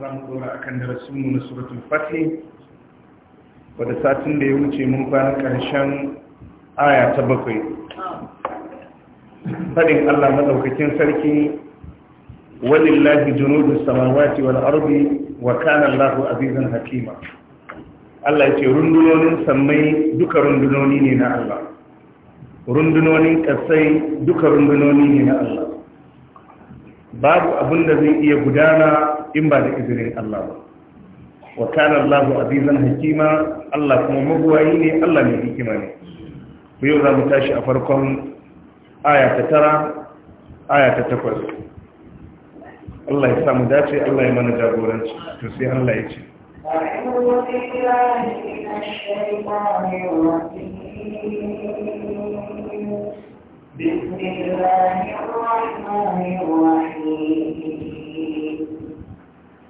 za mu dora akan darasinmu na suratul fatih wadda satin da ya wuce mun kwana karshen aya ta bakwai faɗin Allah maɗaukakin sarki walillahi junudu samawati wal ardi wa kana allah azizan hakima Allah ya ce rundunonin sammai duka rundunoni ne na Allah rundunonin ƙasai duka rundunoni ne na Allah babu abin da zai iya gudana in ba da izinin Allah ba wa kana Allahu azizan hakima Allah kuma mabuwayi ne Allah mai hikima ne ku yau za mu tashi a farkon aya ta tara aya ta takwas Allah ya samu dace Allah ya mana jagoranci to sai Allah ya ce أعوذ بالله من الشيطان الرجيم بسم الله الرحمن الرحيم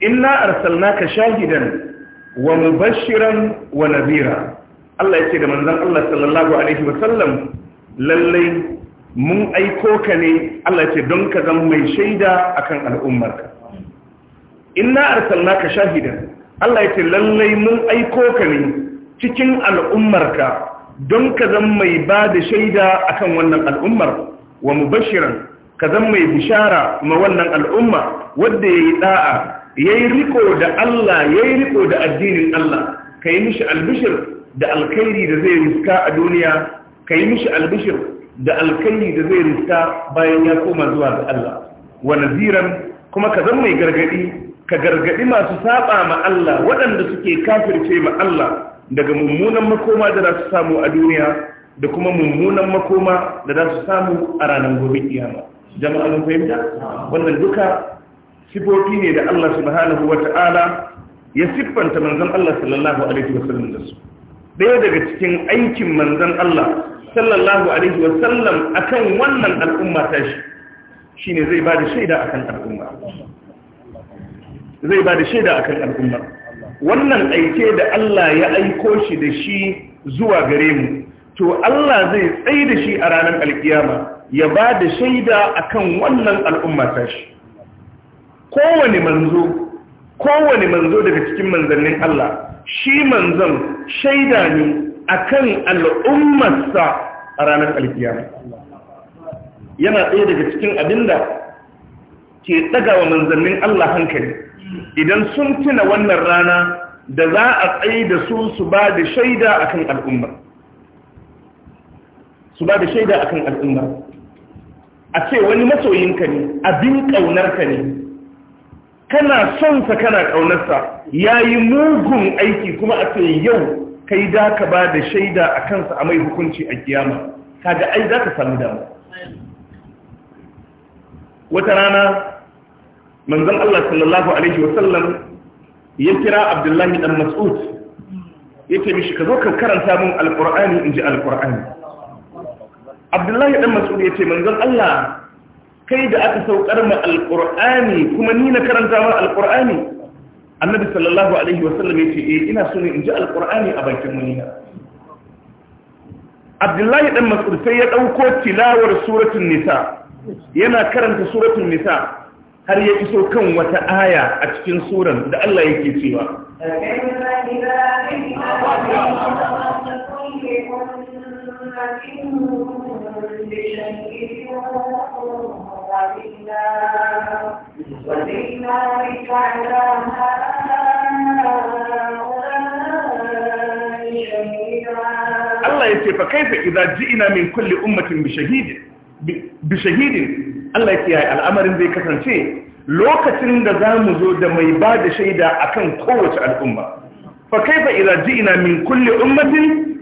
inna arsalnaka shahidan wa mubashiran wa nadhira Allah ya ce da manzon Allah sallallahu alaihi wa sallam lalle mun aiko ka ne Allah ya ce don ka zama mai shaida akan al'ummarka inna arsalnaka shahidan Allah ya ce lalle mun aiko ka ne cikin al'ummarka don ka zama mai ba da shaida akan wannan al'ummar wa mubashiran ka zama mai bishara ma wannan al'umma wanda yayi da'a yayi riko da Allah yayi riko da addinin Allah yi mishi albishir da alkhairi da zai riska a duniya yi mishi albishir da alkhairi da zai riska bayan ya koma zuwa ga Allah Wani ziran kuma ka zama mai gargadi ka gargadi masu saba ma Allah waɗanda suke kafirce ma Allah daga mummunan makoma da za su samu a duniya da kuma mummunan makoma da za su samu a ranar gobe kiyama jama'a mun fahimta wannan duka sifofi ne da Allah subhanahu wa ta'ala ya siffanta manzan Allah sallallahu alaihi wasallam da su daya daga cikin aikin manzan Allah sallallahu alaihi wasallam akan wannan al'umma ta shi ne zai bada shaida akan al'umma zai bada shaida akan al'umma wannan aike da Allah ya aiko shi da shi zuwa gare mu to Allah zai tsaye da shi a ranar alkiyama ya ba da shaida akan wannan al'umma ta shi kowane manzo kowane manzo daga cikin manzannin Allah shi manzon shaida ne akan al'ummarsa a ranar alkiyama yana ɗaya daga cikin abinda ke ɗagawa manzannin Allah hankali idan sun tuna wannan rana da za a tsaye da su su ba da shaida akan al'umma su ba da shaida akan al'umma a ce wani masoyinka ne abin ƙaunarka ne kana son sa kana kaunarsa yayi mugun aiki kuma a ce yau kai da ka ba da shaida a kansa a mai hukunci a kiyama kaga ai za ka samu damu wata rana manzon Allah sallallahu alaihi wasallam ya kira Abdullahi dan Mas'ud yace mishi ka zo ka karanta mun alqur'ani inji alqur'ani Abdullahi dan Mas'ud yace manzon Allah kai da aka saukar ma alƙur'ani kuma ni na karanta ma alƙur'ani annabi sallallahu alaihi wasallam ya ce eh ina so ne in ji alƙur'ani a bakin munina abdullahi dan mas'ud sai ya dauko tilawar suratul nisa yana karanta suratul nisa har ya iso kan wata aya a cikin suran da Allah yake cewa Thank الله يتي فكيف إذا جئنا من كل أمة بشهيد بشهيد الله يتي الأمر ذي كثن شيء لو كتن دزام زود ما يباد شيء أكن قوة الأمة فكيف إذا جئنا من كل أمة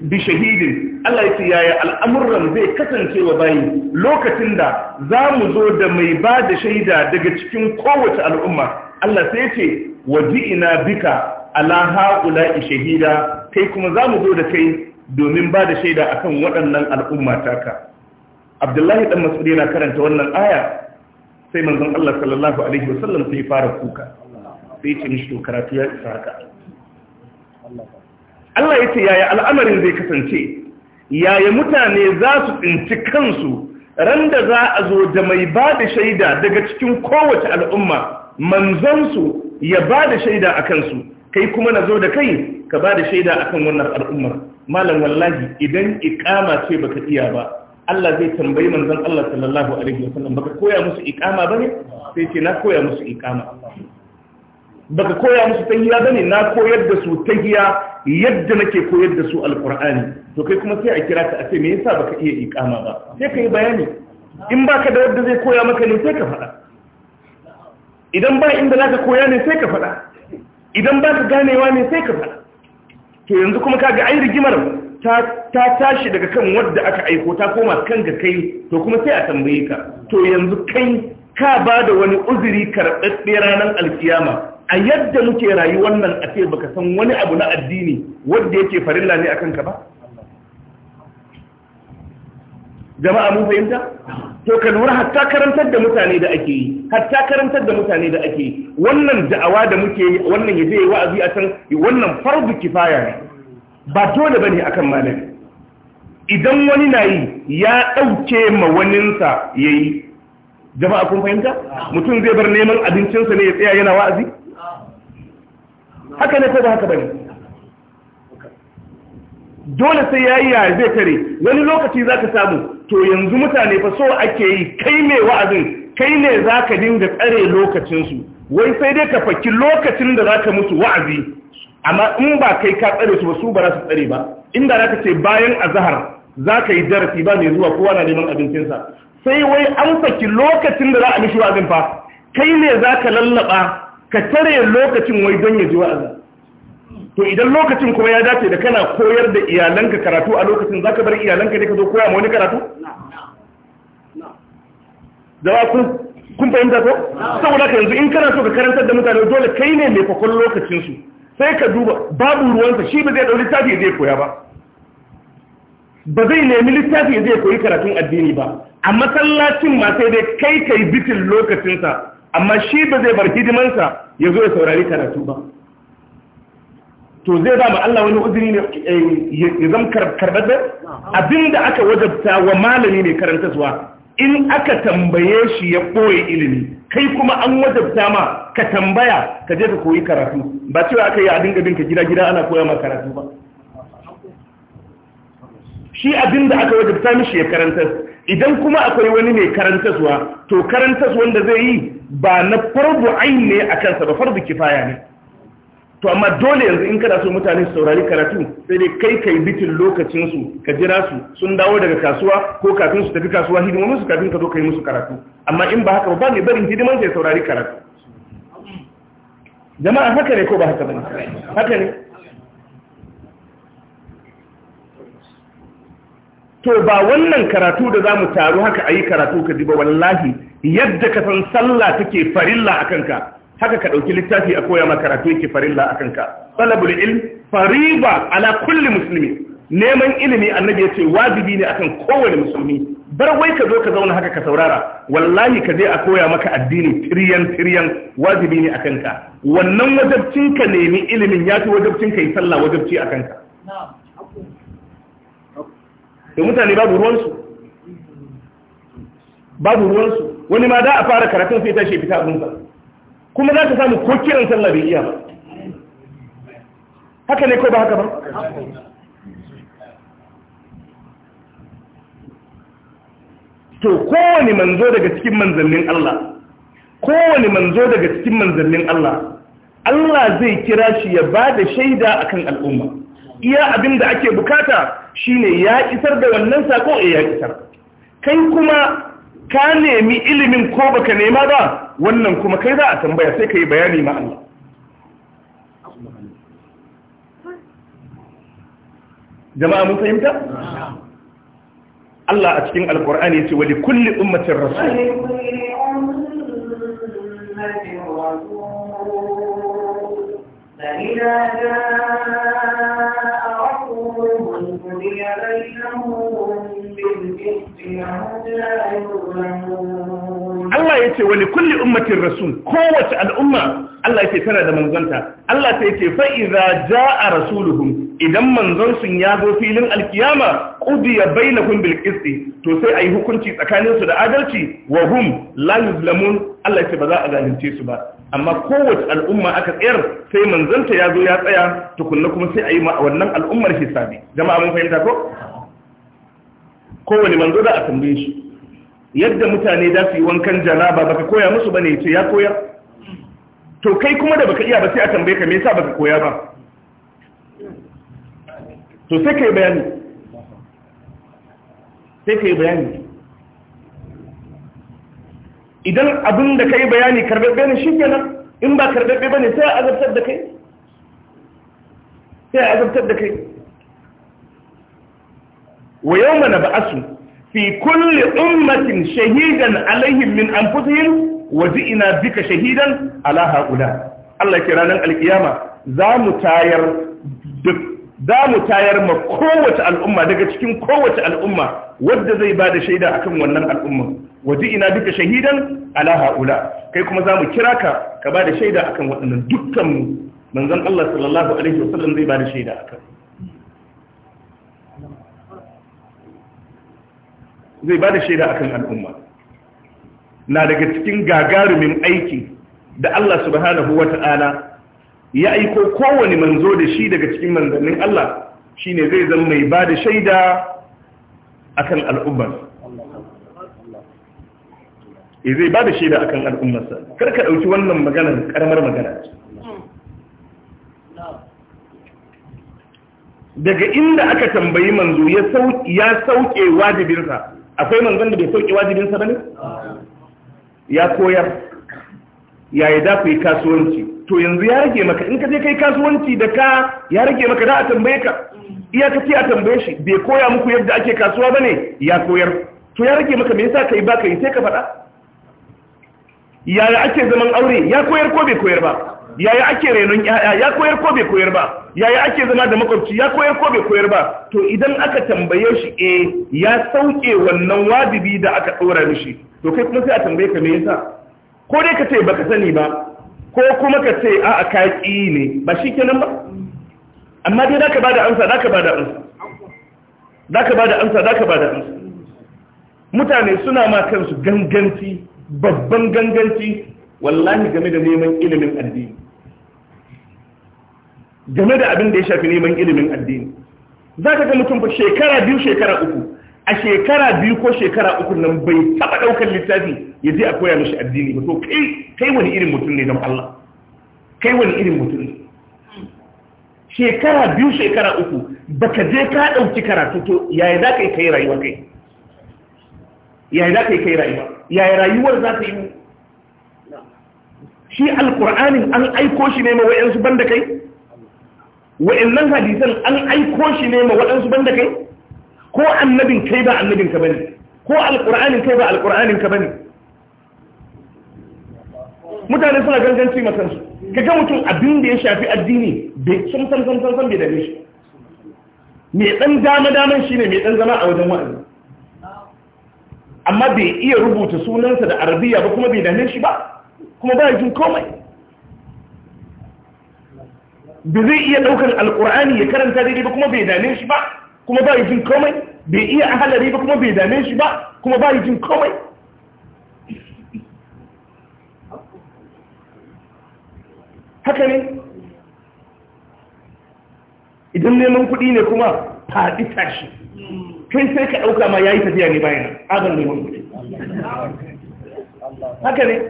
بشهيد Allah ya ce yaya al'amuran zai kasance wa bayi lokacin da za mu zo da mai ba da shaida daga cikin kowace al'umma Allah sai ce waji ina bika ala haƙula shahida kai kuma za mu zo da kai domin ba da shaida akan waɗannan al'umma taka abdullahi ɗan masu yana karanta wannan aya sai manzon Allah sallallahu alaihi wasallam sai fara kuka sai ce mishi to karatu ya isa haka Allah ya ce yaya al'amarin zai kasance yaya mutane za su tsinci kansu ran da za a zo da mai ba da shaida daga cikin kowace al'umma manzansu ya ba da shaida a kansu kai kuma na zo da kai ka ba da shaida a kan wannan al'ummar malam wallahi idan ikama ce baka iya ba Allah zai tambayi manzan Allah sallallahu alaihi wasallam baka koya musu ikama bane sai ce na koya musu ikama baka koya musu tahiya bane na koyar da su tahiya yadda nake koyar da su alqur'ani to kai kuma sai a kira ta a ce me yasa baka iya ikama ba sai ka yi bayani in baka da wanda zai koya maka ne sai ka faɗa idan ba inda zaka koya ne sai ka faɗa idan ba ka ganewa ne sai ka faɗa to yanzu kuma kaga ai rigimar ta tashi daga kan wadda aka aiko ta koma kan ga kai to kuma sai a tambaye ka to yanzu kai ka ba da wani uzuri karɓaɓɓe ranar alkiyama a yadda muke rayuwar nan a ce baka san wani abu na addini wadda yake farilla ne akan ka ba jama'a mun fahimta to ka lura hatta karantar da mutane da ake yi hatta karantar da mutane da ake yi wannan da'awa da muke yi wannan yaje yi wa'azi a can wannan fardu kifaya ne ba dole bane akan malami idan wani na yi ya dauke ma waninsa yayi jama'a kun fahimta mutum zai bar neman abincinsa ne ya tsaya yana wa'azi haka ne ko ba haka bane dole sai ya yi zai tare wani lokaci za ka samu to yanzu mutane fa so ake yi kai ne wa'azin kai ne za ka dinga tsare lokacinsu wai sai dai ka faki lokacin da za ka mutu wa'azi amma in ba kai ka tsare su ba su ba za su tsare ba inda za ka ce bayan azahar za ka yi darasi ba mai zuwa kowa na neman abincinsa sai wai an faki lokacin da za a mishi wa'azin fa kai ne za ka lallaba ka tare lokacin wai don ya ji wa'azin to idan lokacin kuma ya dace da kana koyar da iyalanka karatu a lokacin zaka bar iyalanka ne ka zo koya ma wani karatu da kun kun fahimta ko saboda ka yanzu in kana so ka karantar da mutane dole kai ne mai fakon lokacin su sai ka duba babu ruwansa shi ba zai ɗau tafi zai koya ba ba zai nemi littafi zai koyi karatun addini ba a masallacin ma sai dai kai kai bitin lokacinsa amma shi ba zai bar hidimansa ya zo ya saurari karatu ba to zai ba ma Allah wani uzuri ne eh, ya zama da? abinda aka wajabta wa malami ne karantaswa in aka tambaye shi ya ɓoye ilimi kai kuma an wajabta ma ka tambaya ka je ka koyi karatu ba cewa aka yi a dinga binka gida-gida ana koya ma karatu ba shi abin da aka wajabta mishi ya karanta. idan kuma akwai wani mai karantarwa to karantarwa wanda zai yi ba na farbu ain ne a kansa ba farbu kifaya ne to amma dole yanzu in kana so mutane su saurari karatu sai dai kai kai bitin lokacin su ka jira su sun dawo daga kasuwa ko kafin su tafi kasuwa hidimomin su kafin ka zo kai musu karatu amma in ba haka ba ne barin hidiman sai saurari karatu jama'a haka ne ko ba haka bane haka ne to ba wannan karatu da zamu taru haka ayi karatu ka ji ba wallahi yadda ka san sallah take farilla akan ka haka ka ɗauki littafi a koya maka karatu yake farilla a kanka talabul ilm fariba ala kulli musulmi neman ilimi annabi ya ce wajibi ne akan kowane musulmi bar wai ka zo ka zauna haka ka saurara wallahi ka je a koya maka addini tiriyan tiriyan wajibi ne akan ka wannan wajabcin ka nemi ilimin ya fi wajabcin ka yi sallah wajabci akan ka Da mutane babu ruwansu babu ruwansu wani ma da a fara karatun sai tashi fita abin abinsa kuma za ka samu ko kiran sallah bai iya ba haka ne ko ba haka ba to kowane manzo daga cikin manzannin Allah kowane manzo daga cikin manzannin Allah Allah zai kira shi ya ba da shaida akan al'umma iya abin da ake bukata shine ya isar da wannan sako eh, ya kisar kai kuma ka nemi ilimin ko baka nema ba wannan kuma kai za a tambaya sai ka yi bayani ma Allah jama'a mun fahimta Allah a cikin alkur'ani yace wali kulli ummatin rasul فإذا جاء رسولهم قضي بينهم بالقسط وهم لا يظلمون Allah ya ce wani kulli ummatin rasul kowace al'umma Allah ya ce tana da manzonta Allah ta yake fa ja jaa rasuluhum idan manzon sun ya zo filin alkiyama qudiya bainahum bil qist to sai ayi hukunci tsakaninsu da adalci wa hum la yuzlamun Allah ya ce ba za a zalunce su ba amma kowace al'umma aka tsayar sai manzonta ya zo ya tsaya tukunna kuma sai ayi wannan al'ummar hisabi jama'a mun fahimta ko kowane manzo da a tambaye shi yadda mutane za su yi wankan janaba baka koya musu bane ce ya koyar to kai kuma da baka iya ba sai a tambaye ka me yasa baka koya ba to sai kai bayani sai kai bayani idan abin da kai bayani karbabbe ne shi kenan in ba karbabbe bane sai a azabtar da kai sai a azabtar da kai wa yawma nab'asu fi kulli ummatin shahidan alaihim min anfusihim waje ina bika shahidan ala haula Allah ke ranar alkiyama za mu tayar za mu tayar ma kowace al'umma daga cikin kowace al'umma wadda zai ba da shaida akan wannan al'umma waje ina bika shahidan ala haula kai kuma za mu kira ka ka ba da shaida akan waɗannan dukkan dukkanmu manzon Allah sallallahu alaihi wasallam zai ba da shaida akan zai ba da shaida a kan al'umma na daga cikin gagarumin aiki da Allah subhanahu ta’ala ya aiko kowane manzo da shi daga cikin manzannin Allah shi ne zai zama mai ba da shaida kan al'ummar e eh, zai ba da shaida a kan al'ummarsa karka ɗauki wannan maganar karamar magana daga inda aka tambayi manzo ya sauke wajibinsa akwai manzon da bai sauƙi wajibin sa bane ya koyar ya yi da ku yi kasuwanci to yanzu ya rage maka in ka je kai kasuwanci da ka ya rage maka da a tambaye ka iya ka ce a tambaye shi bai koya muku yadda ake kasuwa bane ya koyar to ya rage maka me yasa kai ba kai sai ka faɗa yaya ake zaman aure ya koyar ko bai koyar ba yaya ake renon yaya ya koyar ko bai koyar ba yaya ake zama da makwabci ya koyar ko bai koyar ba to idan aka tambaye shi eh ya sauke wannan wajibi da aka ɗora mishi to kai kuma sai a tambaye ka me yasa ko dai ka ce baka sani ba ko kuma ka ce a'a ka ki ne ba shikenan ba amma dai zaka bada amsa zaka bada amsa zaka bada amsa zaka bada amsa mutane suna ma kansu ganganci babban ganganci wallahi game da neman ilimin addini game da abin da ya shafi neman ilimin addini za ka ga mutum fa shekara biyu shekara uku a shekara biyu ko shekara uku nan bai taba daukar littafi ya je a koya mashi addini ba to kai kai wani irin mutum ne don Allah kai wani irin mutum ne shekara biyu shekara uku baka je ka dauki karatu to yaya za ka yi kai rayuwa kai yaya za ka yi kai rayuwa yaya rayuwar za ka yi shi alkur'anin an aiko shi ne ma wayansu banda kai wa'annan hadisan an aiko shi ne ma waɗansu banda kai ko annabin kai ba annabin ka bane ko alƙur'anin kai ba alƙur'anin ka bane mutane suna ganganci masansu. kansu ka ga mutum abin da ya shafi addini bai san san san san san bai dame shi mai ɗan dama daman shine mai ɗan zama a wajen wa'azi amma bai iya rubuta sunansa da arabiya ba kuma bai dame shi ba kuma ba jin komai ba zai iya ɗaukar alƙur'ani ya karanta daidai ba kuma bai dame shi ba kuma ba jin komai bai iya ahalari ba kuma bai dame shi ba kuma ba jin komai haka ne idan neman kuɗi ne kuma faɗi tashi kai sai ka ɗauka ma ya yi tafiya ne bayan agar neman kuɗi haka ne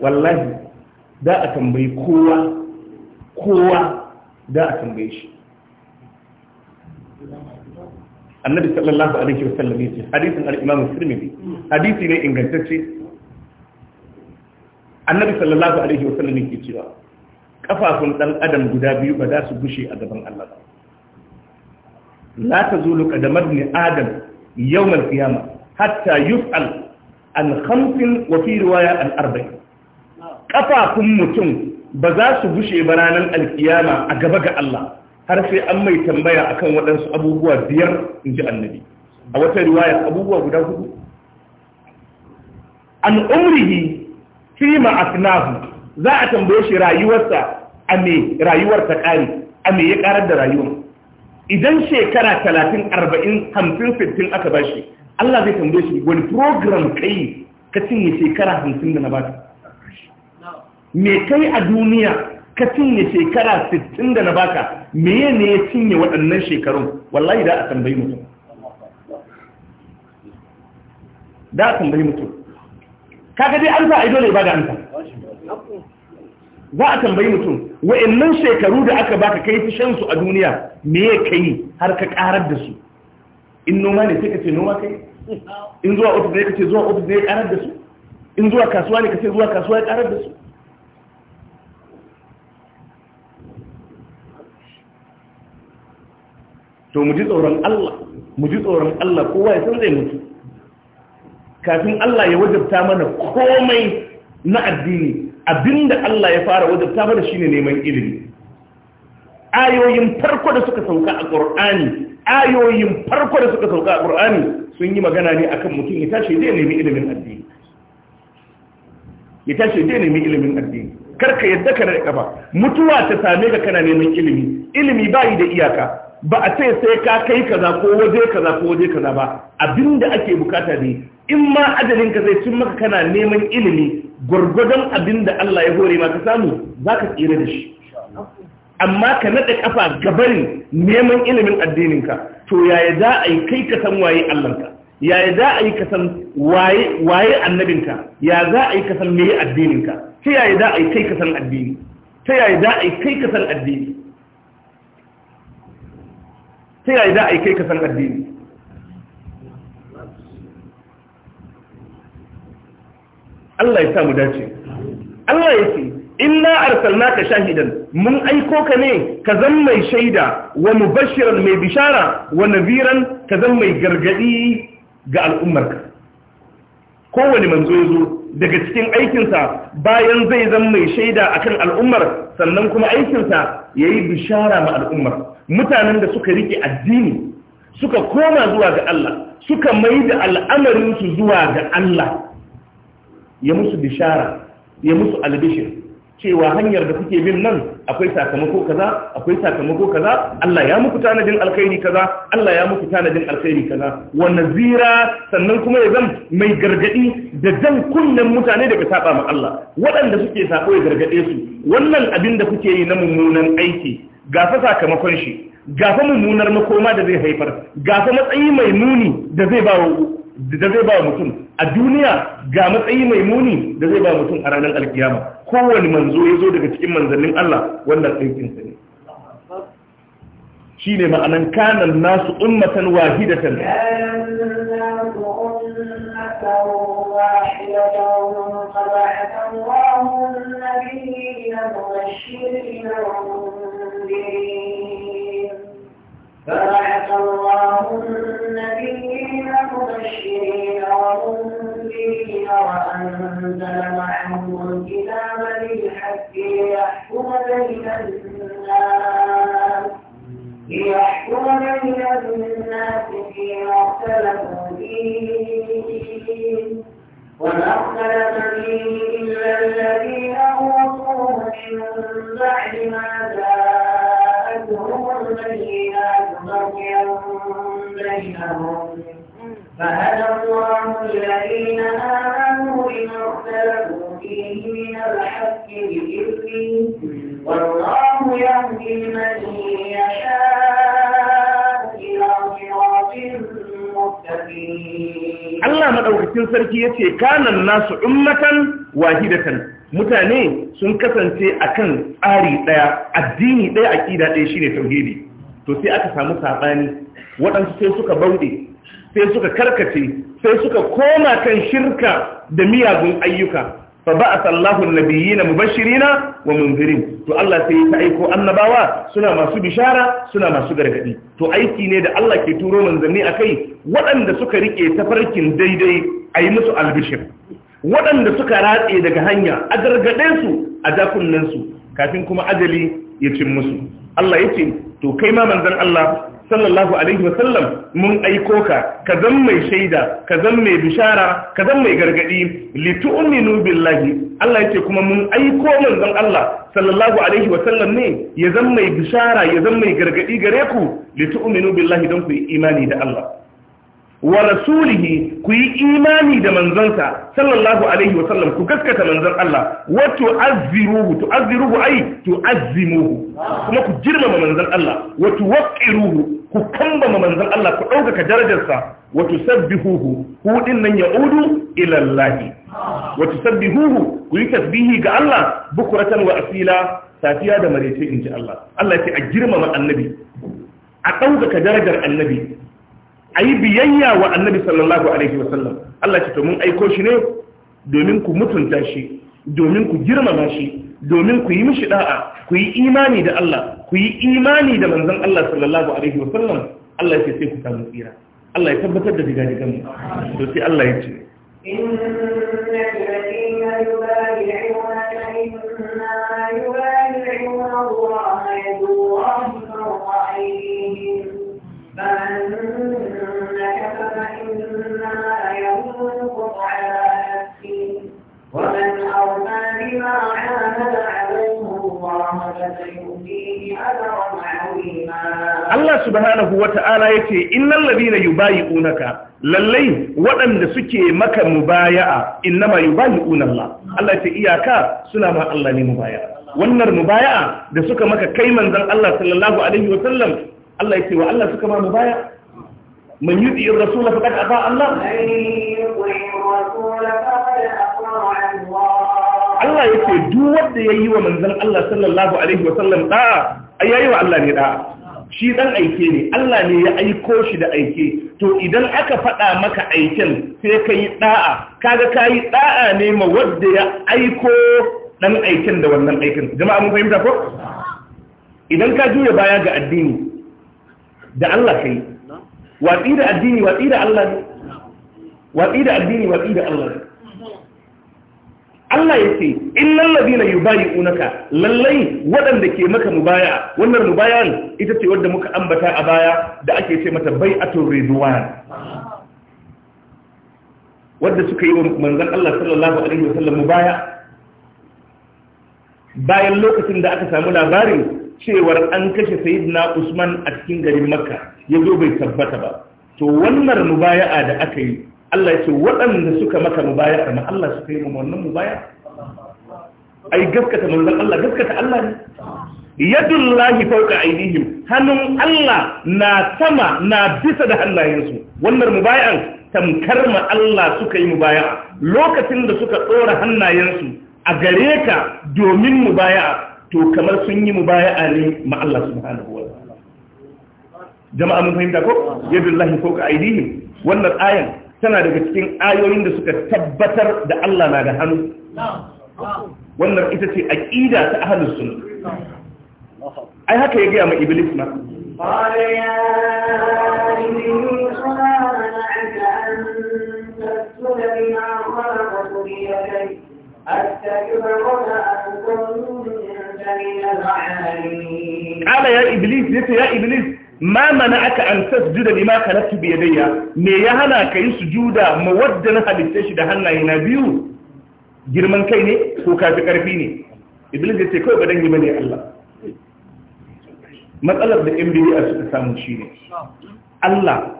wallahi da a tambayi kowa kowa da a tambaye shi annabi sallallahu alaihi wa sallam yace hadisin al-imam tirmidhi hadisi ne ingantacce annabi sallallahu alaihi wa sallam yake cewa kafafun dan adam guda biyu ba za su gushe a gaban Allah ba la tazulu ni adam yawm al-qiyamah hatta yuf'al an khamsin wa fi riwaya an arba'in kafafun mutum ba za su bushe ba ranar alkiyama a gaba ga Allah har sai an mai tambaya akan waɗansu abubuwa biyar in ji annabi a wata riwaya abubuwa guda hudu an umrihi fi ma'afnahu za a tambaye shi rayuwarsa a me rayuwar ta a me ya ƙarar da rayuwar idan shekara talatin arba'in hamsin sittin aka bashi Allah zai tambaye shi wani program kai ka cinye shekara hamsin da na baka me kai a duniya ka cinye shekara 60 da na baka meye ne ya cinye waɗannan shekarun wallahi da a tambayi mutum da a tambayi mutum ga dai an a yi dole ba da an za a tambayi mutum waɗannan shekaru da aka baka kai fi shansu a duniya ya kai har ka karar da su in noma ne sai ka ce noma kai in zuwa ofis ne ka ce zuwa ofis ne ya karar da su in zuwa kasuwa ne ka ce zuwa kasuwa ya karar da su to mu ji tsoron Allah mu ji tsoron Allah kowa ya san zai mutu kafin Allah ya wajabta mana komai na addini abinda Allah ya fara wajabta mana shine neman ilimi ayoyin farko da suka sauka a Qur'ani ayoyin farko da suka sauka a Qur'ani sun yi magana ne akan mutum ya tashi zai nemi ilimin addini ya tashi zai nemi ilimin addini karka yadda ka rika ba mutuwa ta same ka kana neman ilimi ilimi bai da iyaka ba a ce sai ka kai kaza ko waje kaza ko waje kaza ba abinda ake bukata ne in ma ajalin ka zai cin maka kana neman ilimi gwargwadon abinda Allah ya hore maka samu zaka tsira da shi amma ka nade kafa gabarin neman ilimin addinin ka to yaya za a yi kai ka san waye Allah ka yaya za a yi ka san waye waye annabin ka ya za a yi ka san meye addinin ka sai yaya za a yi kai ka san addini ta yaya za a yi kai ka san addini ya yi za a yi kai ka san addini Allah ya samu dace Allah ya ce inna ka shahidan mun aiko ka ne ka zan mai shaida wa mubashiran mai bishara wa biran ka zan mai gargadi ga al'ummarka kowane manzo ya zo daga cikin aikinsa bayan zai zan mai shaida akan al'ummar sannan kuma aikinsa ya yi bishara ma al'ummar mutanen da suka rike addini suka koma zuwa ga Allah suka mai da al'amarinsu zuwa ga Allah ya musu bishara ya musu albishir cewa hanyar da kuke bin nan akwai sakamako kaza akwai sakamako kaza Allah ya muku tanadin alkhairi kaza Allah ya muku tanadin alkhairi kaza wa nazira sannan kuma ya zan mai gargadi da zan kunnen mutane daga saba ma Allah waɗanda suke sako ya gargade su wannan abin da kuke yi na mummunan aiki gafa sakamakon shi gafa mummunar makoma da zai haifar gafa matsayi mai muni da zai ba da mutum a duniya ga matsayi mai muni da zai ba mutum a ranar alkiyama kowane manzo ya zo daga cikin manzannin Allah wannan aikinsa ne shi ne ma'anan kanan nasu ummatan wahidatan فبعث الله النبيين مبشرين والأنبيين وأنزل معهم الكتاب للحق ليحكم بين الناس ليحكم بين الناس فيما اختلفوا فيه وما اختلف فيه إلا الذين أوصوه من بعد ما جاءتهم البينات بغيا بينهم Allah madaukakin sarki yace kanan nasu ummatan wahidatan mutane sun kasance akan tsari daya addini daya aqida daya shine tauhidi to sai aka samu sabani waɗansu sai suka bauɗe sai suka karkace sai suka koma kan shirka da miyagun ayyuka fa ba'atha sallahu nabiyina mubashirina wa munzirin to Allah sai ta aiko annabawa suna masu bishara suna masu gargadi to aiki ne da Allah ke turo manzanni akai waɗanda suka rike tafarkin daidai a yi musu albishir waɗanda suka ratse daga hanya a gargade su a jakunnansu kafin kuma ajali ya cin musu Allah ya ce to kai ma manzan Allah sallallahu alaihi wa sallam mun aiko ka ka zan mai shaida ka zan mai bishara ka zan mai gargadi litu'minu billahi Allah yake kuma mun aiko manzon Allah sallallahu alaihi wa sallam ne ya zan mai bishara ya zan mai gargadi gare ku litu'minu billahi don ku yi imani da Allah wa rasulihi ku yi imani da manzonsa sallallahu alaihi wa sallam ku gaskata manzon Allah wa tu'azziruhu tu'azziruhu ai tu'azzimuhu kuma ku girmama manzon Allah wa tuwaqqiruhu ku kambama manzon Allah ku ɗaukaka darajarsa wa tusabbihuhu hu din nan yaudu ila Allah wa tusabbihuhu ku yi tasbihi ga Allah bukuratan wa asila safiya da marece inji ji Allah Allah ya ce a girmama annabi a ɗaukaka darajar annabi a yi biyayya wa annabi sallallahu alaihi wasallam Allah ya ce to mun aiko shi ne domin ku mutunta shi domin ku girmama shi domin ku yi mishi da'a ku yi imani da Allah ku yi imani da manzon Allah sallallahu alaihi wasallam Allah ya sai ku samu tsira Allah ya tabbatar da diga mu to sai Allah ya ce ومن بما عاهد عليه الله فسيؤتيه أجرا عظيما الله سبحانه وتعالى يتي إن الذين يبايعونك lallai waɗanda suke maka mubaya'a yi yubayi'una Allah Allah ya ce iyaka suna ma Allah ne mubaya'a wannan mubaya'a da suka maka kai zan Allah sallallahu alaihi wa sallam Allah ya ce wa Allah suka ma mubaya'a man yuti ar-rasul faqad ata Allah man yuti ar-rasul faqad ata Allah Allah ya yake duk ya yi wa manzon Allah sallallahu alaihi wa sallam da'a ai yayi wa Allah ne da'a shi ɗan aike ne Allah ne ya aiko shi da aike to idan aka faɗa maka aiken sai ka yi ɗa'a, kaga ka yi ɗa'a ne ma wadda ya aiko ɗan aiken da wannan aikin jama'a mun fahimta ko idan ka juya baya ga addini da Allah kai watsi da addini watsi da Allah watsi da addini watsi da Allah Allah ya ce innal ladina yubayi'unaka lallai waɗanda ke maka mubaya wannan mubayan ita ce wadda muka ambata a baya da ake ce mata bai'atul ridwan wadda suka yi wa manzon Allah sallallahu alaihi wa wasallam mubaya bayan lokacin da aka samu labarin cewar an kashe sayyidina Usman a cikin garin Makka ya zo bai tabbata ba to wannan mubaya'a da aka yi Allah ya ce waɗanda suka maka mubayar amma Allah suka yi wannan mubayar ai gaskata manzon Allah gaskata Allah ne yadullahi fawqa aydihim hannun Allah na sama na bisa da hannayensu wannan mubayar tamkar ma Allah suka yi mubayar lokacin da suka dora hannayensu a gare ka domin mubayar to kamar sun yi mubayar ne ma Allah subhanahu wa ta'ala jama'a mun fahimta ko yadullahi fawqa aydihim wannan ayan tana daga cikin ayoyin da suka tabbatar da Allah na da hannu wannan ita ce aqida ta ahlus sunna ai haka ya ga mu iblis ma قال يا إبليس يا إبليس ma mana aka an tasjuda lima kalatu bi yadayya me ya hana ka yi sujuda mawadda na halitta shi da hannaye na biyu girman kai ne ko kafi karfi ne iblis ya ce kawai dan yi bane Allah matsalar da yan biyu suka samu shi ne Allah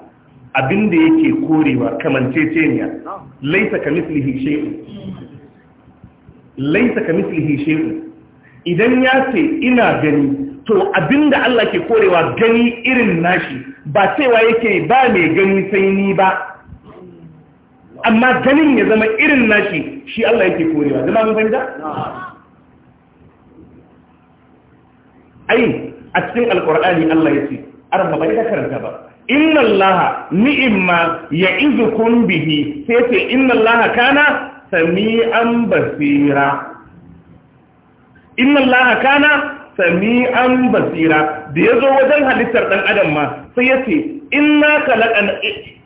abin da yake korewa kamanceceniya laisa ka mislihi shay'un laisa ka mislihi shay'un idan ya ce ina gani to abinda Allah ke korewa gani irin nashi ba cewa yake ba mai gani sai ni ba amma ganin ya zama irin nashi shi Allah yake korewa zama mun fahimta ai a cikin alqur'ani Allah ya ce arba bai da karanta ba inna allaha ni'imma ya'izukum bihi sai ce inna allaha kana sami'an basira inna allaha kana sami'an basira da ya zo wajen halittar ɗan adam ma sai ya ce inna kalaɗa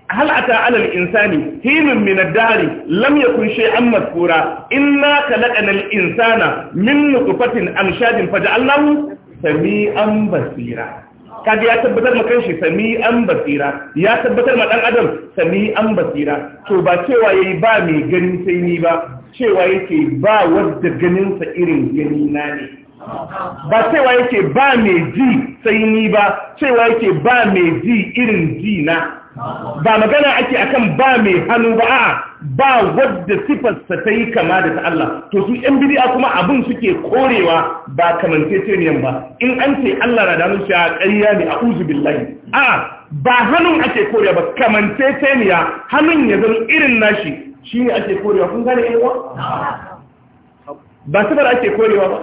hal'ata alal insani hinun min ad-dari lam yakun shay'an madhkura kalaɗa na insana min nutfatin amshajin faj'alnahu sami'an basira kaga ya tabbatar ma kanshi sami'an basira ya tabbatar ma ɗan adam sami'an basira to ba cewa yayi ba mai gani sai ni ba cewa yake ba wanda ganinsa irin gani na ne ba cewa yake ba mai ji sai ni ba cewa yake ba mai ji irin ji na ba magana ake akan ba mai hannu ba a ba wadda sifarsa ta yi kama da ta Allah to su yan bidiya kuma abin suke korewa ba ne ba in an ce Allah na damu shi a ne a uzu billahi a ba hannun ake korewa ba ya hannun ya zama irin nashi shi ne ake korewa kun gane yawa ba sifar ake korewa ba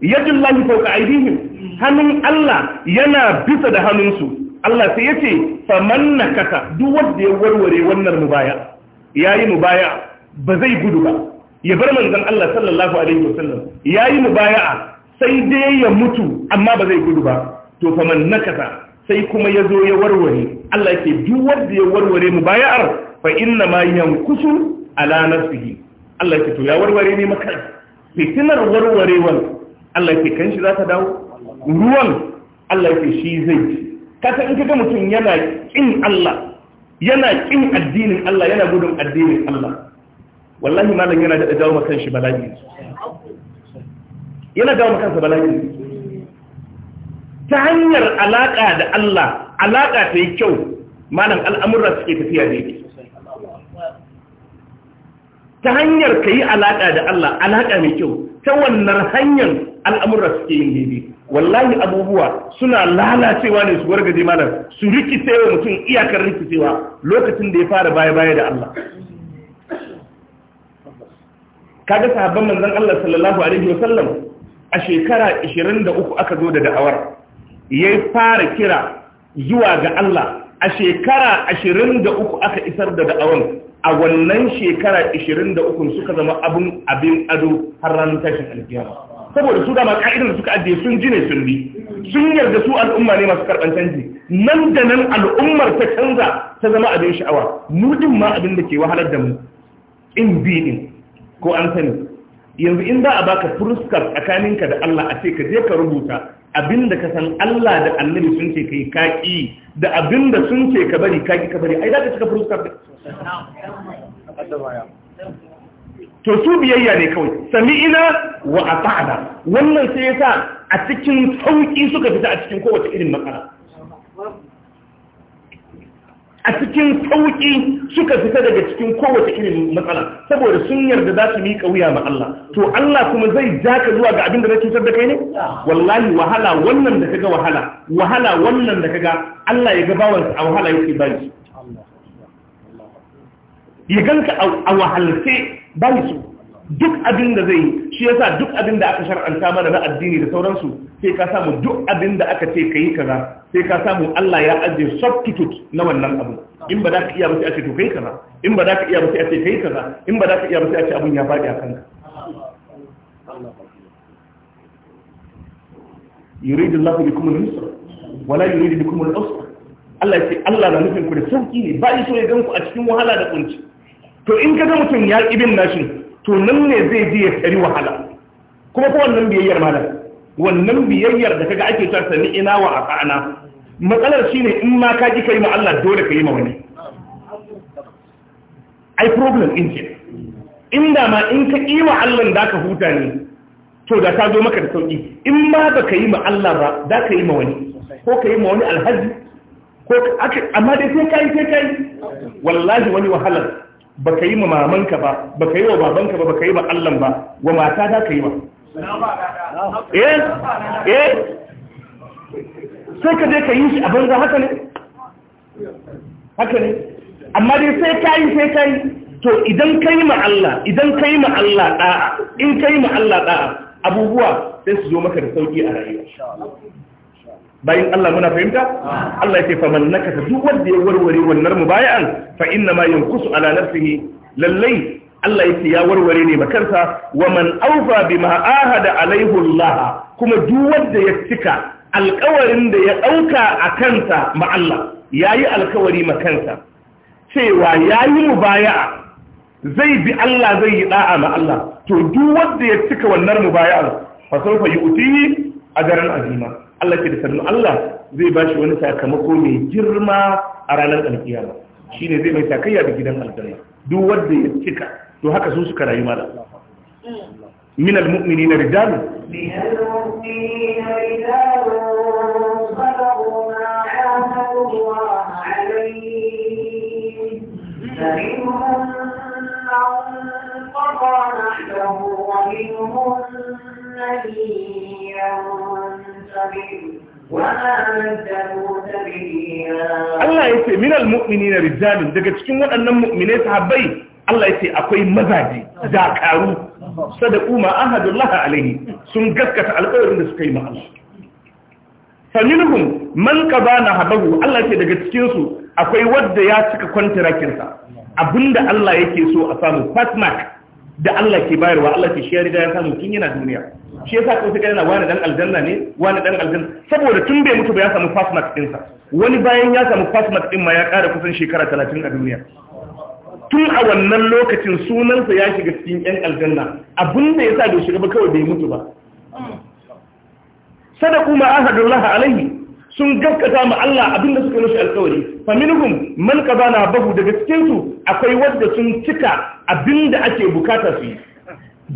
yadin lahi fauka aidihim hannun Allah yana bisa da hannunsu Allah sai yace faman kasa duk wanda ya warware wannan mubaya yayi mubaya ba zai gudu ba ya bar manzon Allah sallallahu alaihi wa sallam wasallam yayi mubaya sai dai ya mutu amma ba zai gudu ba to faman kasa sai kuma ya zo ya warware Allah ke duk wanda ya warware mubaya'ar fa inna ma yankusu ala nafsihi Allah ke to ya warware ne maka fitinar warwarewar Allah ya ce kan shi za ta dawo ruwan Allah ya ce shi zai ci kasa in kaga mutum yana kin Allah yana kin addinin Allah yana gudun addinin Allah wallahi malam yana da dawo maka shi bala'i yana dawo maka kansa bala'i ta hanyar alaka da Allah alaka ta yi kyau malam al'amuran suke tafiya da daidai ta hanyar ka yi alaƙa da Allah alaƙa mai kyau ta wannan hanyar al'amura suke yin daidai wallahi abubuwa suna lalacewa ne su wargaje malam su rikicewa mutum iyakar rikicewa lokacin da ya fara baya-baya da Allah kaga sahabban manzan Allah sallallahu alaihi wasallam a shekara 23 aka zo da da'awar Ya fara kira zuwa ga Allah a shekara 23 aka isar da da'awar a wannan shekara 23 suka zama abin abin ado har ranar tashin alkiyama saboda su dama ka'idar suka ajiye sun ji ne sun bi sun yarda su al'umma ne masu karɓar canji nan da nan al'ummar ta canza ta zama abin sha'awa mu din ma abin da ke wahalar da mu in bi din ko an sani yanzu in za a baka fuskar tsakaninka da Allah a ce ka je ka rubuta abinda ka san Allah da Annabi sun ce kai kaki da abinda sun ce ka bari kaki ka bari ai za ka cika fuskar to su biyayya ne kawai sami'ina wa ata'na wannan sai yasa a cikin sauki suka fita a cikin kowace irin matsala a cikin sauƙi suka fita daga cikin kowace irin matsala saboda sun yarda za su miƙa wuya ma Allah to Allah kuma zai ja ka zuwa ga abin da na cutar da kai ne wallahi wahala wannan da ga wahala wahala wannan da ka ga, Allah ya ga bawansa a wahala yake bani ya ganka a wahalce ba su duk abin da zai shi yasa duk abin da aka shar'anta mana na addini da sauransu sai ka samu duk abin da aka ce kai kaza sai ka samu Allah ya ajiye substitute na wannan abu in ba za ka iya ba sai a ce to kai kaza in ba za ka iya ba sai a ce kai kaza in ba za ka iya ba sai a ce abun ya faɗi a kanka yuridu Allah bikum al-yusra wala yuridu bikum al-usra Allah ya ce Allah na nufin ku da sauki ne ba iso ya ganku a cikin wahala da kunci to in ka ga mutum ya ibin nashi to nan ne zai je ya tari wahala kuma ko wannan biyayyar malam wannan biyayyar da kaga ake cewa ni ina wa aqana matsalar shine in ma ka ji kai ma Allah dole ka yi ma wani ai problem in ce inda ma in ka yi ma Allah da ka huta ne to da ta zo maka da sauki in ma ba ka yi ma Allah ba da ka yi ma wani ko ka yi ma wani alhaji ko amma dai sai kai sai kai wallahi wani wahala. baka yi ma mamanka ba baka yi wa babanka ba baka yi ma Allah ba wa mata ta ka yi ba eh eh sai ka je ka yi shi a banza haka ne haka ne amma dai sai ka yi sai ka yi to idan ka yi ma Allah idan ka yi ma Allah da'a in ka yi ma Allah da'a abubuwa sai su zo maka da sauki a rayuwa bayin Allah muna fahimta Allah yake faman nakasa duk wanda ya warware wannan mubaya'an fa inna ma yanqusu ala nafsihi lallai Allah yake ya warware ne bakarsa wa man awfa bima ahada alaihi Allah kuma duk wanda ya cika alƙawarin da ya dauka a kansa ma Allah yayi alƙawari ma kansa cewa yayi mubaya'a zai bi Allah zai yi da'a ma Allah to duk wanda ya cika wannan mubaya'a fa sawfa yu'tihi ajran azima Allah ke da sannu Allah zai ba shi wani sakamako mai girma a ranar alkiyama shi ne zai mai sakayya da gidan aljanna duk wanda ya cika to haka su suka rayu mala min almu'minina rijalu rijalu ومنهم Allah ya ce minal mu'mini na rijalin daga cikin waɗannan mu'minai sahabbai Allah ya ce akwai mazaje zakaru sadaku ma laha alaihi sun gaskata alƙawarin da suka yi ma man ka man na habahu Allah ya ce daga cikinsu akwai wanda ya cika kwantarakinsa. abin abinda Allah ya ke so a samu Fatmak da Allah ke bayarwa Allah ke shi ya riga ya samu tun yana duniya shi yasa ko sai kana wani dan aljanna ne wani dan aljanna saboda tun bai mutu ba ya samu fast mark wani bayan ya samu fast ɗin din ma ya ƙara kusan shekara talatin a duniya tun a wannan lokacin sunansa ya shiga cikin yan aljanna abin da yasa bai shiga ba kawai bai mutu ba sadaku ma ahadullah alaihi sun gaskata ma Allah abin da suka nushi alkawari fa minhum man qadana bahu daga cikin akwai wadda sun cika abinda ake bukata su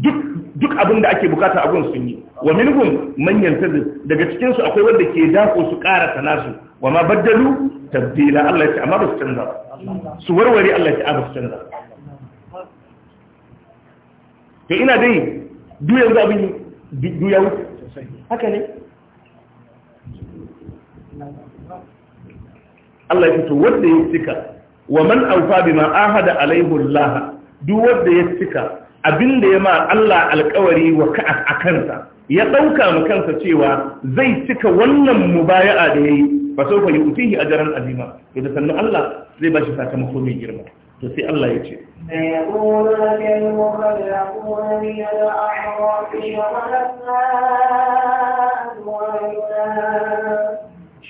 duk duk abin da ake bukata a gun sun yi wa minhum man yantazi daga cikin su akwai wanda ke dako su kara sanasu wa ma baddalu tabdila Allah ya ce amma ba su canza ba su warware Allah ya ce ba su canza to ina dai duk yanzu abin duk ya wuce haka ne Allah ya fito wanda ya cika wa man awfa bima ahada alaihi Allah duk wanda ya cika abin da ya ma Allah alkawari wa ka'at a kansa ya ɗauka mu kansa cewa zai cika wannan mu baya'a da ya yi ba sau fa yi utihi a jaran azima to da sannu Allah zai ba shi sakamako mai girma to sai Allah ya ce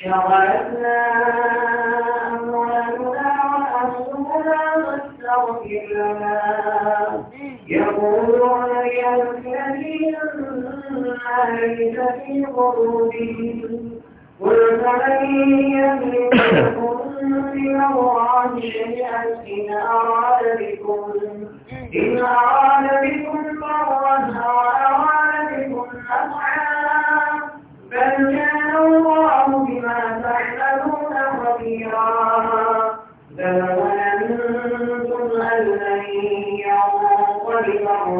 شغلتنا أموالنا وأسرنا واستغفر لنا يقولون يا الذين ليس في قلوبهم قل فمن يملك لكم من الله شيئا إن أراد بكم إن أراد بكم ضرا أو أراد بكم نفعا بل كان الله بما تعملون خبيرا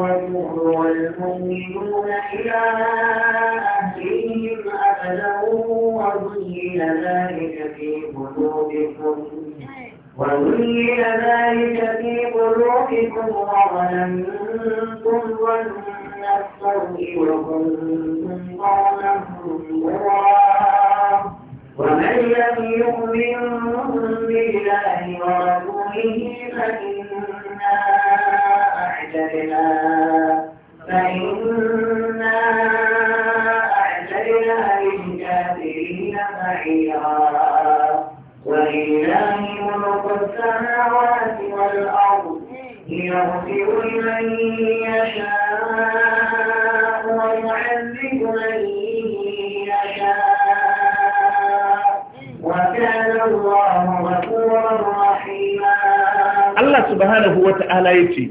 والنور والمؤمنون إلى أهلهم أبدا وزين ذلك في قلوبكم وزين ذلك في قلوبكم وظننتم ظن السوء وكنتم قولا غرا ومن لم يؤمن بالله ورسوله فإنا بها فإنا أعتدنا للكافرين سعيرا ولله ملك السماوات والأرض يغفر لمن يشاء ويعذب من يشاء وكان الله غفورا رحيما الله سبحانه وتعالى يتي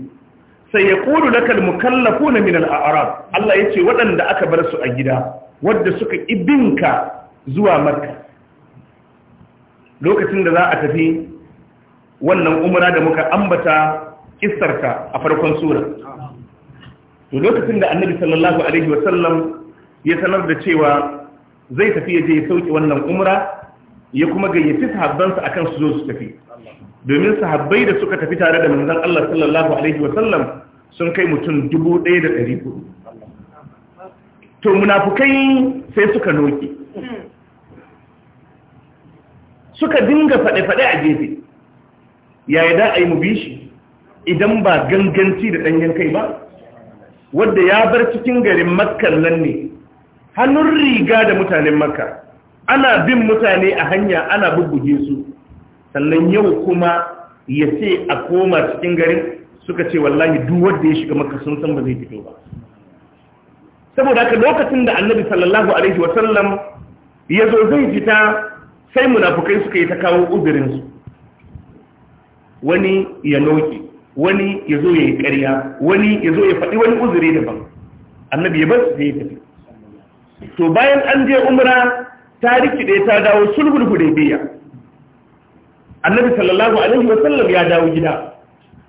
sai ya kuru kalmu kallafu na minal a'arab Allah ya ce waɗanda aka bar su a gida wadda suka ibinka zuwa marka. lokacin da za a tafi wannan umara da muka ambata kistarta a farkon sura to lokacin da annabi sallallahu alaihi wasallam ya sanar da cewa zai tafi ya je ya sauki wannan umra ya kuma gayyaci sahabbansa akan su zo su tafi domin sahabbai da suka tafi tare da manzon Allah sallallahu alaihi wasallam sun kai mutum dubu ɗaya da ɗari hudu to munafukai sai suka noki. suka dinga faɗe-faɗe a gefe yaya da a yi mu bi shi idan ba ganganci da ɗanyen kai ba wadda ya bar cikin garin makkan nan ne hannun riga da mutanen makka ana bin mutane a hanya ana bubbuge su sannan yau kuma ya ce a koma cikin garin suka ce wallahi duk wanda ya shiga maka sun san ba zai fito ba saboda haka lokacin da annabi sallallahu alaihi wa sallam ya zo zai fita sai munafukai suka yi ta kawo uzurinsu wani ya noki wani ya zo ya yi ƙarya wani ya zo ya faɗi wani uzuri daban annabi ya bar su da ya tafi to bayan an je umra ta rikide ta dawo sulhul hudaybiya annabi sallallahu alaihi wasallam ya dawo gida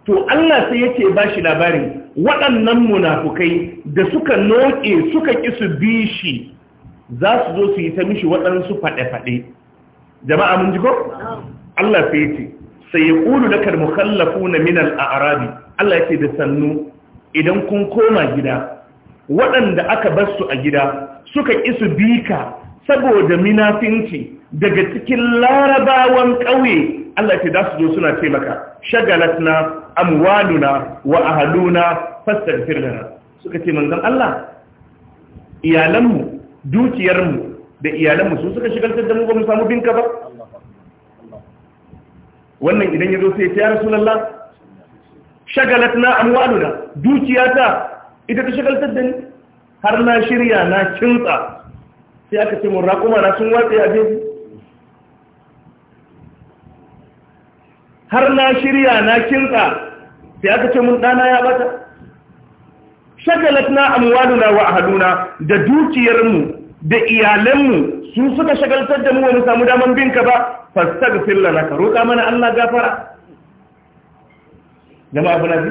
to Allah sai yake ba shi labarin waɗannan munafukai da suka noke suka ƙi su za su zo su yi ta mishi waɗansu faɗe-faɗe jama'a mun ji ko? Allah sai yake sai ya ƙulu da mukallafu na minal a arabi Allah yake da sannu idan kun koma gida waɗanda aka bar su a gida suka ƙi su saboda minafinci daga cikin larabawan ƙauye Allah ce da su zo suna ce maka shagalatna amwaluna wa ahaluna fastaghfir lana suka ce manzon Allah iyalanmu dukiyarmu da iyalanmu su suka shigaltar da mu ba mu samu binka ba wannan idan ya zo sai ya rasulullah shagalatna amwaluna dukiyata ita ta shagaltar da ni har na shirya na cinta. sai aka ce mun raƙuma na sun watsa a jeji har na shirya na kinsa sai aka ce mun ɗana ya bata na amwaluna wa ahaduna da dukiyarmu da iyalanmu su suka shagaltar da mu ba samu daman binka ba filla lana ka roƙa mana Allah gafara jama'a bana bi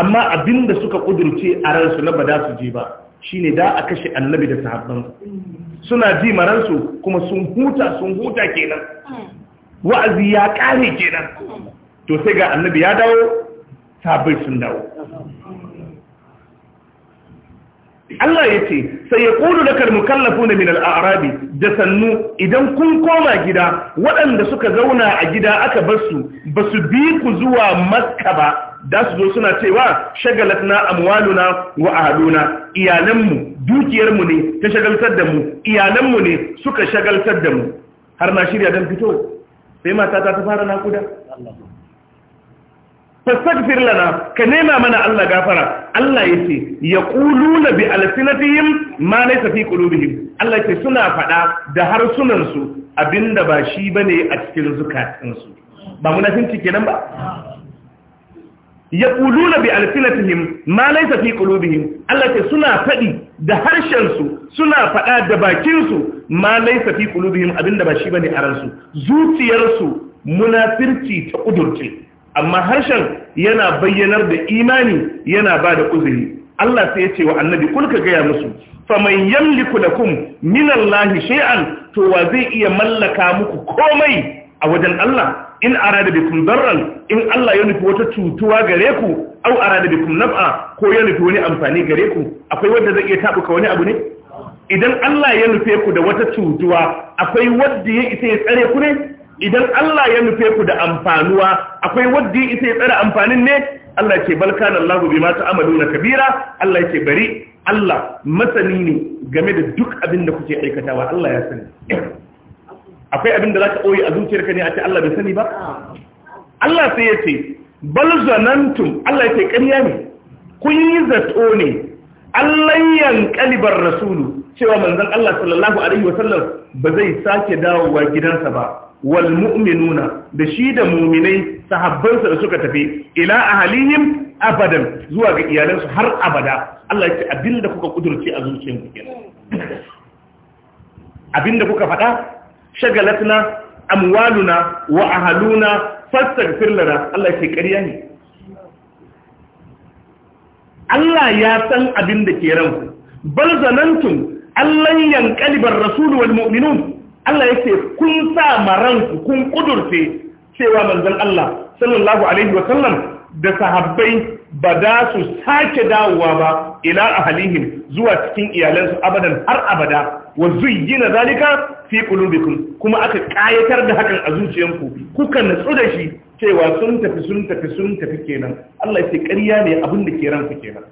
amma abinda suka kudurce a ransu na bada su je ba shine da a kashe annabi da sahabban suna ji maransu kuma sun huta sun huta kenan wa'azi ya kare kenan to sai ga annabi ya dawo sabai sun dawo Allah ya ce sai ya ƙudu da kallafu na minal arabi da sannu idan kun koma gida waɗanda suka zauna a gida aka basu ba su bi ku zuwa maska ba da su zo suna cewa shagalat na amwaluna wa ahaluna iyalanmu dukiyarmu ne ta shagaltar da mu iyalanmu ne suka shagaltar da mu har na shirya don fito sai mata ta fara naƙuda fastagfir lana ka nema mana Allah gafara Allah yace na bi alsinatihim ma laysa fi qulubihim Allah yace suna faɗa da harsunan su abinda ba shi bane a cikin zukatan su ba munafinci kenan ba Ya na bi alsinatihim ma laysa fi qulubihim Allah yace suna faɗi da harshen su suna faɗa da bakin su ma laisa fi qulubihim abinda ba shi bane a ransu zuciyarsu munafirci ta kudurce amma harshen yana bayyanar da imani yana ba da uzuri Allah sai ya ce wa annabi kul ka gaya musu Fa man yamliku lakum min Allah shay'an to wa zai iya mallaka muku komai a wajen Allah in arada bikum darran in Allah ya nufi wata cutuwa gare ku au arada bikum naf'a ko ya nufi wani amfani gare ku akwai wanda zai iya tabuka wani abu ne idan Allah ya nufe ku da wata cutuwa akwai wadda ya isa ya tsare ku ne idan Allah ya nufe ku da amfanuwa akwai wadda ya isa ya tsare amfanin ne Allah ce balkan Allah bi ma ta'maluna kabira Allah ce bari Allah masani ne game da duk abin da kuke aikatawa Allah ya sani akwai abin da zaka koyi a zuciyarka ne a ce Allah bai sani ba Allah sai ya ce bal zanantum Allah ya ce ƙarya ne kun yi zato ne Allah yankali bar rasulu cewa manzon Allah sallallahu alaihi wa sallam ba zai sake dawowa gidansa ba wal mu'minuna da shi da mu'minai sahabbansa da suka tafi ila ahalihim abadan zuwa ga iyalansu har abada Allah ya ce abinda kuka kudurce a zuciyarku kenan abinda kuka faɗa shagalatna amwaluna wa ahaluna fastaghfir lana Allah ya ce ƙarya ne Allah ya san abin da ke ranku bal zanantum allan kalibar rasulu wal mu'minun Allah yake kun sa maranku kun kudurce cewa manzon Allah sallallahu alaihi wa sallam da sahabbai ba da su sake dawowa ba ila ahalihim zuwa cikin iyalansu abadan har abada wa zuyyina zalika fi qulubikum kuma aka kayatar da hakan a zuciyanku kuka natsu da shi cewa sun tafi sun tafi sun tafi kenan Allah ya ce ne abin da ke ranku kenan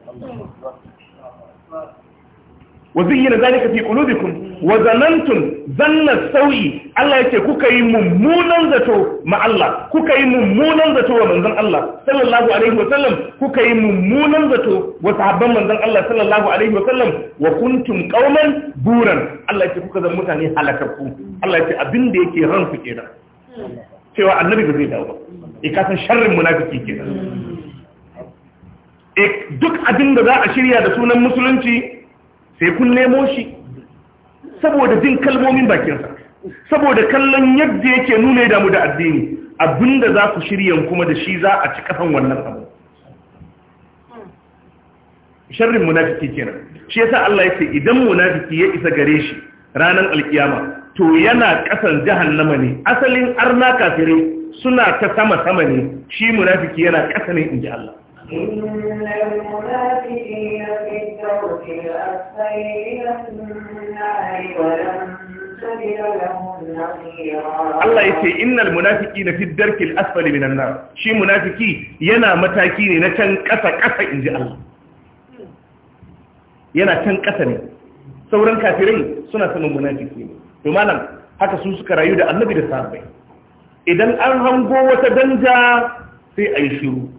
wa zayyana zalika fi qulubikum wa zanantum zanna sauyi Allah yake kuka yi mummunan zato ma Allah kuka yi mummunan zato wa manzon Allah sallallahu alaihi wa sallam kuka yi mummunan zato wa sahabban manzon Allah sallallahu alaihi wa sallam wa kuntum qauman buran Allah yake kuka zama mutane halakakku Allah yake abin da yake ranku kenan cewa annabi ba zai dawo ba e ka san sharrin munafiki kenan eh, duk abin za a shirya da sunan musulunci sai kun nemo shi saboda jin kalmomin bakinsa saboda kallon yadda yake nuna ya damu da addini abinda za ku shirya kuma da shi za a ci kasan wannan abu sharrin munafiki kenan shi yasa Allah ya ce idan munafiki ya isa gare shi ranan alkiyama to yana kasan jahannama ne asalin arna kafirai suna ta sama sama ne shi munafiki yana kasa ne inji Allah Allah ya ce, Innal munafiki na fi fiddarkil asfali minan nan, shi munafiki yana mataki ne na can ƙasa-ƙasa in ji Allah. Yana can ƙasa ne, sauran kafirin suna sanin munafiki ne. to malam haka sun suka rayu da annabi da sa Idan an hango wata danja sai a yi shiru.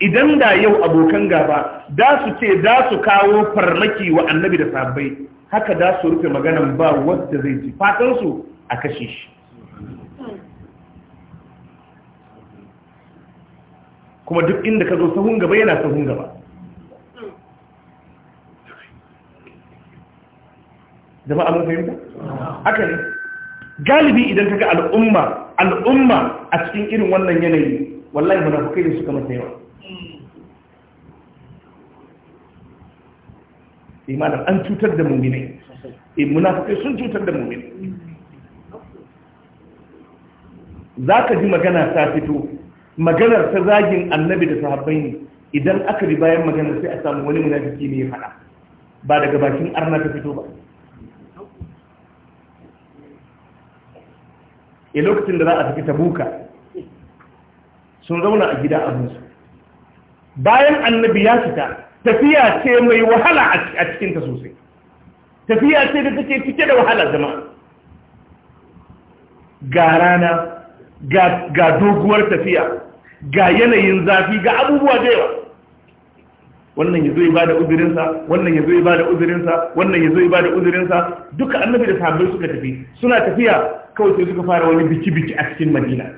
idan da yau abokan gaba da su ce da su kawo farmaki wa annabi da sabbai haka da su rufe maganan ba wadda zai ci fatansu a kashe shi kuma duk inda ka zo sahun gaba yana sahun gaba jama'a mun fahimta haka ne galibi idan kaga al'umma al'umma a cikin irin wannan yanayi wallahi munafukai da suka masa yawa imanin eh, an cutar da muminai eh, munafukai sun cutar da muminai za ka ji magana ta fito maganar ta zagin annabi da sahabbai ne idan aka bi bayan maganar sai a samu wani munafiki ne ya faɗa ba daga bakin arna ta fito ba a eh, lokacin da za a tafi tabuka sun zauna a gida abinsu bayan annabi ya fita tafiya ce mai wahala a cikinta sosai tafiya ce da take cike da wahala jama'a ga rana ga doguwar tafiya ga yanayin zafi ga abubuwa da yawa wannan ya zo ya bada uzurinsa wannan ya zo ya bada uzurinsa wannan ya zo ya bada uzurinsa duka annabi da sahabbai suka tafi suna tafiya kawai sai suka fara wani biki-biki a cikin madina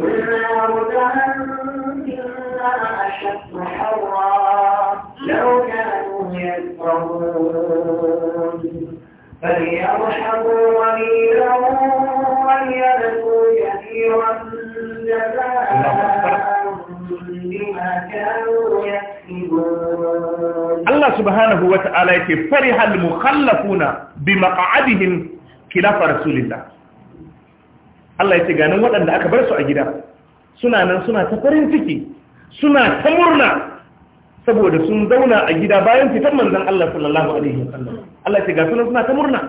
والنار جهنم أشد حرا لو كانوا يذكرون فليرحموا قليلا وليبكوا كثيرا جزاء كانوا يكسبون الله سبحانه وتعالى فرح المخلفون بمقعدهم خلاف رسول الله Allah ya ce ganin waɗanda aka bar su a gida suna nan suna ta farin ciki suna ta murna saboda sun zauna a gida bayan fitar manzon Allah sallallahu alaihi wasallam Allah ya ce ga sunan suna ta murna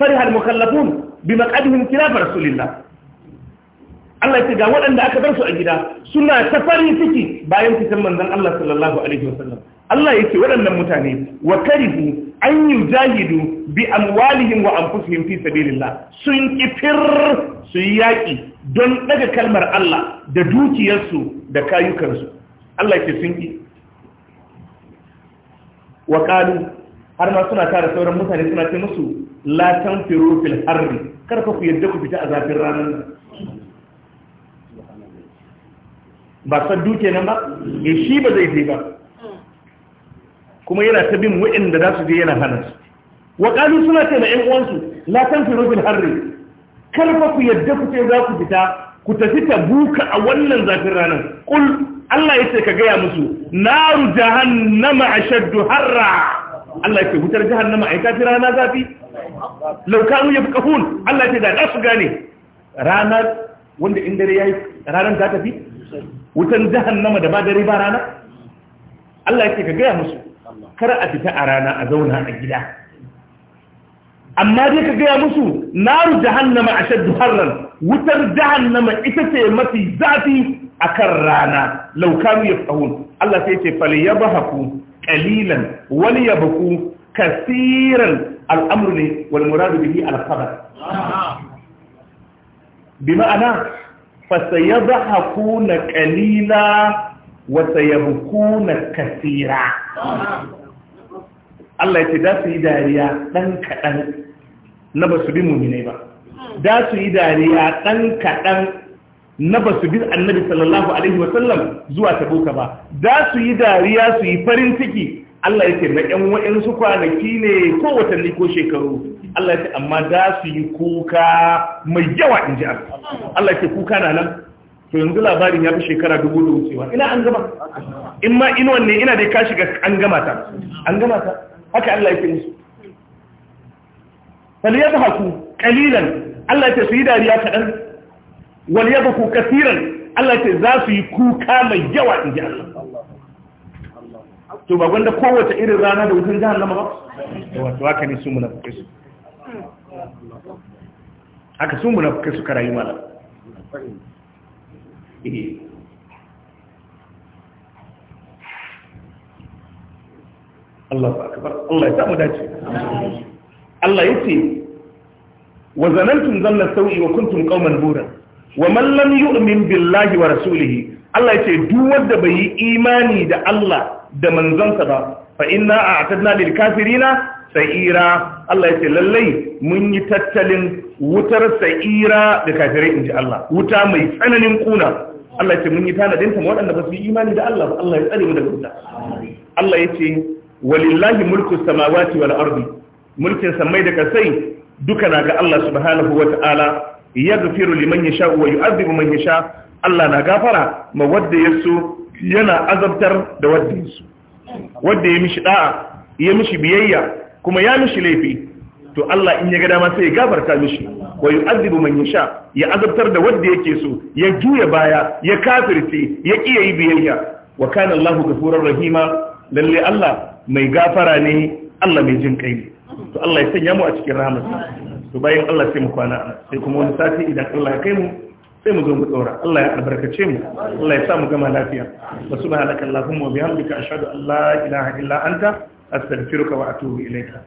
farihal mukallafun bi maqadihim khilaf rasulillah Allah ya ce ga waɗanda aka bar su a gida suna ta farin ciki bayan fitar manzon Allah sallallahu alaihi wasallam Allah ya ce waɗannan mutane wa karihu an yi jahidu bi amwalihim wa anfusihim fi sabilillah sun kifir su yi yaƙi don daga kalmar Allah da dukiyarsu da kayukansu Allah ya ce sun ki wa qalu har ma suna tara sauran mutane suna ce musu la tanfiru fil harri kar ku yadda ku fita a zafin ranar ba san duke nan ba eh, shi ba zai je ba kuma yana ta bin waɗanda za su je yana hana su wa ƙalu suna ce na ‘yan uwansu la san fi rubin harri kar fa ku yadda ku ce za ku fita ku tafi ta buka a wannan zafin ranar kul Allah ya ce ka gaya musu naru jahannama ashaddu harra Allah ya ce wutar jahannama ai ta fi rana zafi law kanu yafqahun Allah ya ce da su gane ranar wanda in dare yayi ranar za ta fi wutan jahannama da ba dare ba rana Allah ya ce ka gaya musu kar a fita a rana a zauna a gida amma dai ka gaya musu naru jahannama a shaddu harran wutar jahannama ita ce mafi zafi a kan rana laukanu ya tsawon Allah sai ce fali ya bahaku kalilan wani ya baku kasiran al'amur ne wal muradu bihi alkhabar bi ma'ana fasa ya na kalila wata yabkuna kasira Allah ya ce da su yi dariya ɗan kaɗan na ba su bi muminai ba da su yi dariya ɗan kaɗan na ba su bi annabi sallallahu alaihi wasallam zuwa tabuka ba da su yi dariya su yi farin ciki Allah ya ce na ƴan su kwanaki ne ko watanni ko shekaru Allah ya ce amma da su yi kuka mai yawa in ji Allah Allah ya ce kuka na nan to yanzu labarin ya fi shekara dubu da wucewa ina an gama in ma ina wanne ina dai ka shiga an gama ta an gama ta haka Allah yake musu fal yadhaku qalilan Allah yake su yi dariya dan wal yadhaku kaseeran Allah yake za su yi kuka mai yawa in ji Allah to ba gwanda kowace irin rana da wutar jahannama ba To wato haka ne su munafukai su haka su munafukai su karayi malam Eh. Allah ba akbar Allah ya samu dace Allah yace wa zanantum zanna sawi wa kuntum qauman buran wa man yi yu'min billahi wa rasulihi Allah yace duk wanda bai yi imani da Allah da manzansa ba a inna na lil kafirina sa'ira Allah ya ce lallai mun yi tattalin wutar sa'ira da kafirai inji Allah wuta mai tsananin kuna Allah ya ce mun yi tanadin ta waɗanda ba su yi imani da Allah ba Allah ya tsare mu daga wuta Allah ya ce walillahi mulku samawati wal ardi mulkin samai da kasai duka na ga Allah subhanahu wa ta'ala yaghfiru liman yasha wa yu'adhibu man yasha Allah na gafara ma wadda yaso yana azabtar da wadda yaso wadda ya mishi da'a ya mishi biyayya kuma ya mishi laifi to Allah in ya ga dama sai ya gafarta mishi wa yu'adhibu man yasha ya azabtar da wanda yake so ya juya baya ya kafirce ya kiyaye yi biyayya wa kana Allahu ghafurur rahima lalle Allah mai gafara ne Allah mai jin kai ne to Allah ya sanya mu a cikin rahmarsa to bayan Allah sai mu kwana sai kuma wani sati idan Allah ya kai mu sai mu zo mu tsora Allah ya albarkace mu Allah ya sa mu gama lafiya wa subhanaka allahumma wa bihamdika ashhadu an la ilaha illa anta astaghfiruka wa atubu ilayka